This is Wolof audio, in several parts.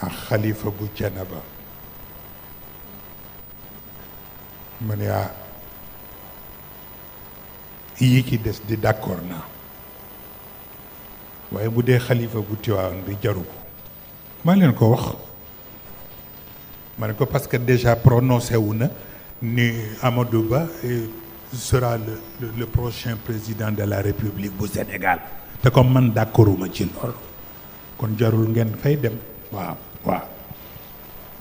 ak xalifa bu Thiénaba mu ne ah yi ci des di d'accord naa waaye bu dee xalifa bu Tiwaawan bi jaru ko maa leen ko wax ma ne ko parce que déjà prononcé wu na ni Amadou Ba eh, sera le, le, le prochain président de la République bu Sénégal te comme man d'accorduma ci loolu kon jarul ngeen fay dem waaw waaw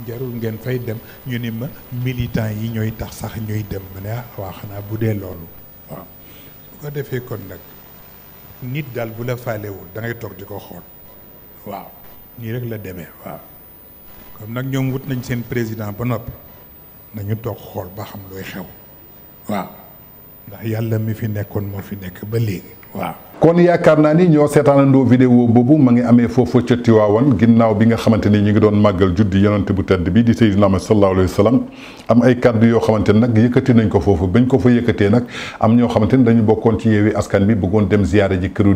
jarul ngeen fay dem ñu ni ma militant yi ñooy tax sax ñuy dem ma ne ah, waa xanaa bu dee loolu waaw bu ko defee kon nag nit daal bu la faalewul da ngay toog di ko xool waaw nii rek la demee waa xam nag ñoom wut nañ seen président ba noppi nañu toog xool ba xam looy xew waaw ndax yàlla mi fi nekkoon moo fi nekk ba léegi waaw kon yaakaar naa ni ñoo seetaanandoo vidéo boobu ma ngi amee foofu ca Tiwaawan ginnaaw bi nga xamante ni ñu ngi doon màggal juddi yonante bu tedd bi di Seydina Muhammad sallallahu alayhi wa sallam yoo xamante ni nag yëkkati nañ ko foofu bañ ko fa yëkkatee nag am ñoo xamante ni dañu bokkoon ci yeewi askan bi bëggoon dem ziyaare ji këru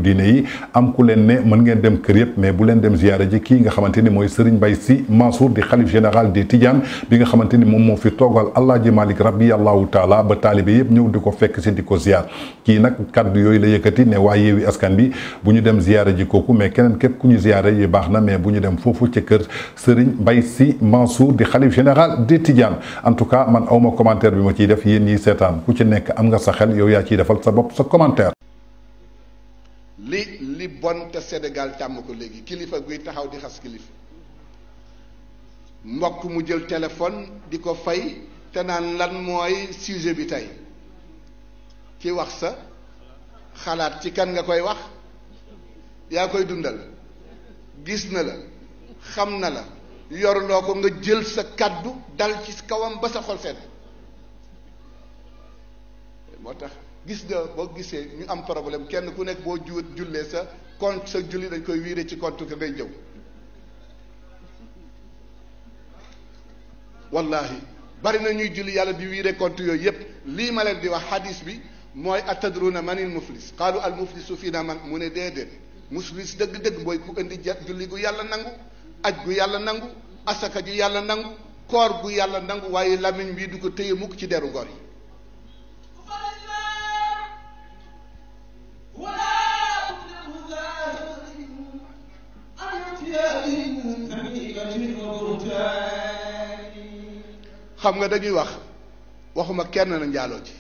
ku leen ne mën ngeen dem kër yëpp mais bu leen dem ziyaare ji kii nga xamante ni mooy Serigne Mbaye Sy Mansour di xalif général des nga xamante ni moom moo fi toogal allah ji malik rabbi allahu taala ba taalibe yëpp ñëw di ko fekk si di ko ziyaar kii nag kàddu yooyu la yëkkati ne waaye yeewi askan bi bu ñu dem ziyaara ji kooku mais keneen képp ku ñu ziyaara yi baax na mais bu ñu dem foofu ci kër Serigne si Sy Mansour di xalif général di Tidianes en tout cas man awma commentaire bi ma ciy def yéen ñiy seetaan ku ci nekk am nga sa xel yow yaa ciy defal sa bopp sa commentaire li li bon te Sénégal tàmm ko léegi kilifa guy taxaw di xas kilifa mbokk mu jël téléphone di ko fay te naan lan mooy sujet bi tey ki wax sa xalaat ci kan nga koy wax yaa koy dundal gis na la xam na la yorloo ko nga jël sa kàddu dal ci kawam ba sa xol sedd moo tax gis nga boo gisee ñu am problème kenn ku nekk boo juwut jullee sa compte sa julli dañ koy wiire ci compte ka ngay jëw wallahi bari na ñuy julli yàlla bi wiire compte yooyu yépp lii ma leen di wax hadis bi mooy atadruna manil muflis qaalu al muflisu fii na man mu ne déedéet muflis dëgg-dëgg mooy ku indi ja julli gu yàlla nangu aj gu yàlla nangu asaka ju yàlla nangu koor gu yàlla nangu waaye lamiñ bii du ko téye mukk ci deru gor yi xam nga dañuy wax waxuma kenn na njaaloo ci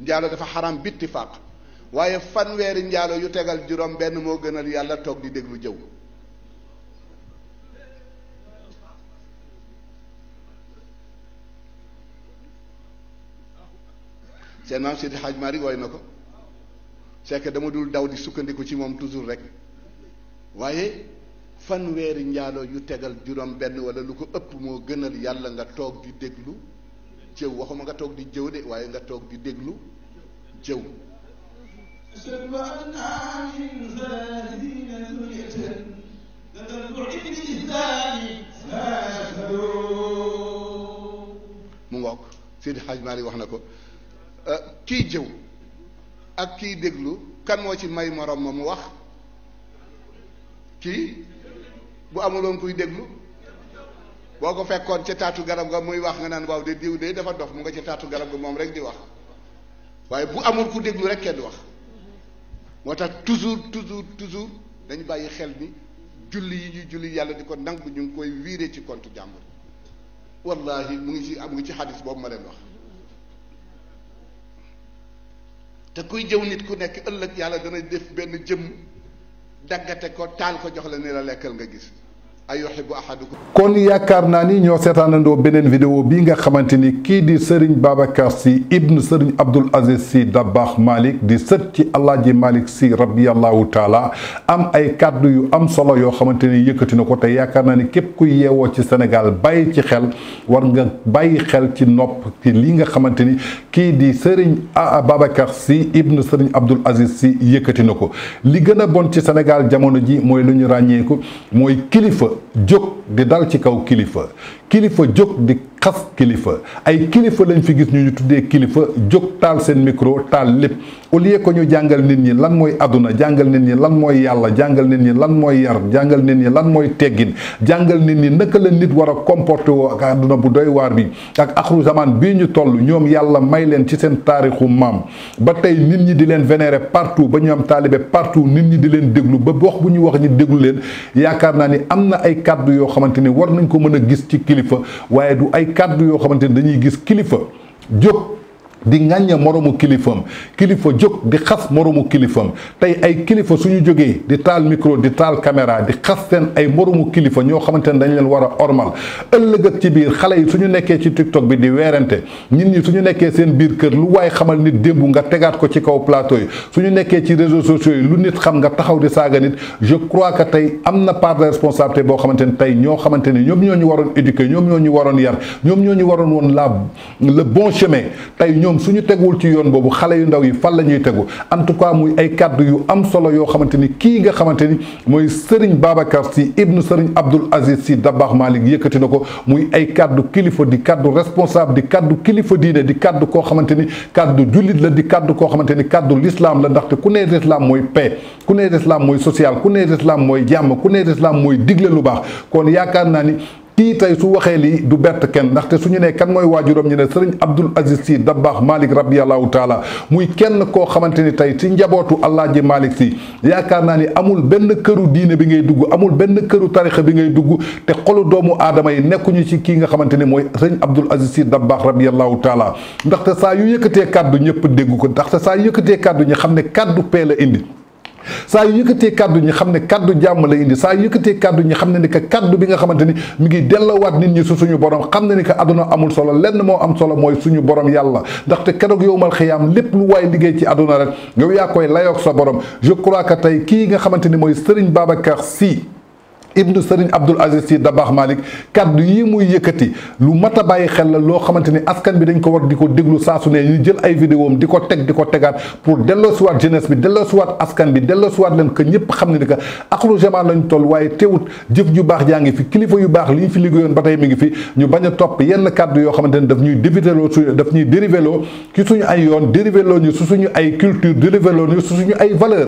njaalo dafa xaram bittifaaq waaye fanweeri njaalo yu tegal juróom benn moo gënal yàlla toog di déglu jëw seen maam Seydi Hadj Malick wooy na ko c'est dama dul daw di sukkandiku ci moom toujours rek waaye fanweeri njaalo yu tegal juróom benn wala lu ko ëpp moo gënal yàlla nga toog di déglu jëw waxuma nga toog di jëw de waaye nga toog di déglu jëw mu ngoog Seydi Hadj Malick wax na ko euh, kiy jëw ak kii déglu kan moo ci may moroom ma mu wax kii bu amuloon kuy déglu boo ko fekkoon ca taatu garab ga muy wax nga naan waaw de diw de dafa dof mu nga ca taatu garab ga moom rek di wax waaye bu amul ku déglu rek kenn wax moo tax toujours toujours toujours dañu bàyyi xel ni julli yi ñuy julli yàlla di ko nangu ñu ngi koy wiire ci compte jàmbur wallahi mu ngi ci am ngi ci xadis boobu ma leen wax te kuy jëw nit ku nekk ëllëg yàlla dana def benn jëmm daggate ko taal ko jox la ni la lekkal nga gis ayuhibbu ahadukum kon yaakaar naa ni ñoo seetaanandoo beneen vidéo bii nga xamante ni kii di sëriñ Babacar Sy ibn sëriñ Abdoul Aziz Sy Dabakh Malick di sët ci Alaaji Malick si radiyallahu taala am ay kàddu yu am solo yoo xamante ni yëkkati na ko te yaakaar naa ni képp ku yeewoo ci Sénégal bàyyi ci xel war nga bàyyi xel ci nopp ci li nga xamante ni kii di sëriñ Babacar Sy ibn sëriñ Abdoul Aziz si yëkkati na ko li gën a bon ci Sénégal jamono ji mooy lu ñu ràññeeku mooy kilifa jóg di dal ci kaw kilifa kilifa jóg di xas kilifa ay kilifa lañ fi gis ñu ñu tuddee kilifa jóg taal seen micro taal lépp au lieu que ñu jàngal nit ñi lan mooy àdduna jàngal nit ñi lan mooy yàlla jàngal nit ñi lan mooy yar jàngal nit ñi lan mooy teggin jàngal nit ñi naka la nit war a comporté woo ak àdduna bu doy waar bi ak axru zaman bii ñu toll ñoom yàlla may leen ci seen taarixu maam ba tey nit ñi di leen vénérer partout ba ñu am taalibe partout nit ñi di leen déglu ba wax bu ñu wax ñi déglu leen yaakaar naa ni am na ay kàddu yoo xamante ni war nañ ko mën a gis ci kilifa ay kàddu yoo xamante ni dañuy gis kilifa jóg di ngagne moromu kilifam kilifa jóg di xas moromu kilifam tay ay kilifa suñu joge di tal micro di tal caméra di xas sen ay moromu kilifa ño xamantene dañ leen wara hormal ormal ëllëgat ci biir xale yi suñu nekké ci tiktok bi di wérante nit ñi suñu nekké sen biir kër lu way xamal nit dembu nga tegaat ko ci kaw plateau yi suñu nekké ci réseaux sociaux yi lu nit xam nga taxaw di saga nit je crois que tay amna part de responsabilité bo xamantene tay ño xamantene ñom ne ñoom ñoo ñu waroon éduquer ñom ñoo ñu waroon yar ñom ñoo ñu waroon woon la le bon chemin tay ñom ñun suñu teguwul ci yoon boobu xale yu ndaw yi fan la ñuy tegu en tout cas muy ay kàddu yu am solo yoo xamante ni kii nga xamante ni mooy Serigne Babacar Sy ibnu Serigne Abdoul Aziz Sy Dabakh Malick yëkkati na ko muy ay kàddu kilifa di kàddu responsable di kàddu kilifa diine di kàddu koo xamante ni kàddu jullit la di kàddu koo xamante ni kàddu lislaam la ndaxte ku nee l'islam mooy paix ku nee l'islam mooy social ku nee l'islam mooy jàmm ku nee l'islam mooy digle lu baax kon yaakaar naa ni kii tey su waxee lii du bett kenn ndaxte su ñu nee kan mooy waajuram ñu ne sëriñ Abdul Aziz si Dabakh Malick rabiyallahu taala muy kenn koo xamante ni tey ci njabootu Alaaji Malick si yaakaar naa ni amul benn këru diine bi ngay dugg amul benn këru tarixa bi ngay dugg te xolu doomu aadama yi nekkuñu ci kii nga xamante ni mooy sëriñ Abdul Aziz si Dabakh rabiyallahu taala ndaxte saa yu yëkkatee kàddu ñëpp dégg ko ndaxte saa yu yëkkatee kàddu ñu xam ne kàddu pee la indi. saa yu yëkkatee kàddu ñi xam ne kàddu jàmm la indi saa yu yëkkatee kàddu ñi xam ne ni que kàddu bi nga xamante ni mi ngi delloowaat nit ñi su suñu borom xam ne ni que aduna amul solo lenn moo am solo mooy suñu borom yàlla ndaxte keroog yowmal xiyaam lépp lu waay liggéey ci àdduna rek yow yaa koy layoog sa borom je crois tey kii nga xamante ni mooy Serigne Babacar sii ibnu Serigne Abdoul Aziz Sy Dabakh Malick kaddu yi muy yëkkati lu mat a bàyyi xel la loo xamante ni askan bi dañ ko war di ko déglu saa su ne ñu jël ay vidéo am di ko teg di ko tegaat pour delloosiwaat jeunesse bi delloosiwaat askan bi delloosiwaat leen que ñëpp xam ne ni que axlu jamono lañ toll waaye teewut jëf ju baax jaa ngi fi kilifa yu baax li ñu fi liggéeyoon ba tey mi ngi fi ñu bañ a topp yenn kaddu yoo xamante ni daf ñuy dévitéloo su daf ñuy dérivé loo ci suñu ay yoon dérivé loo ñu su suñu ay culture dérivé loo ñu su suñu ay valeur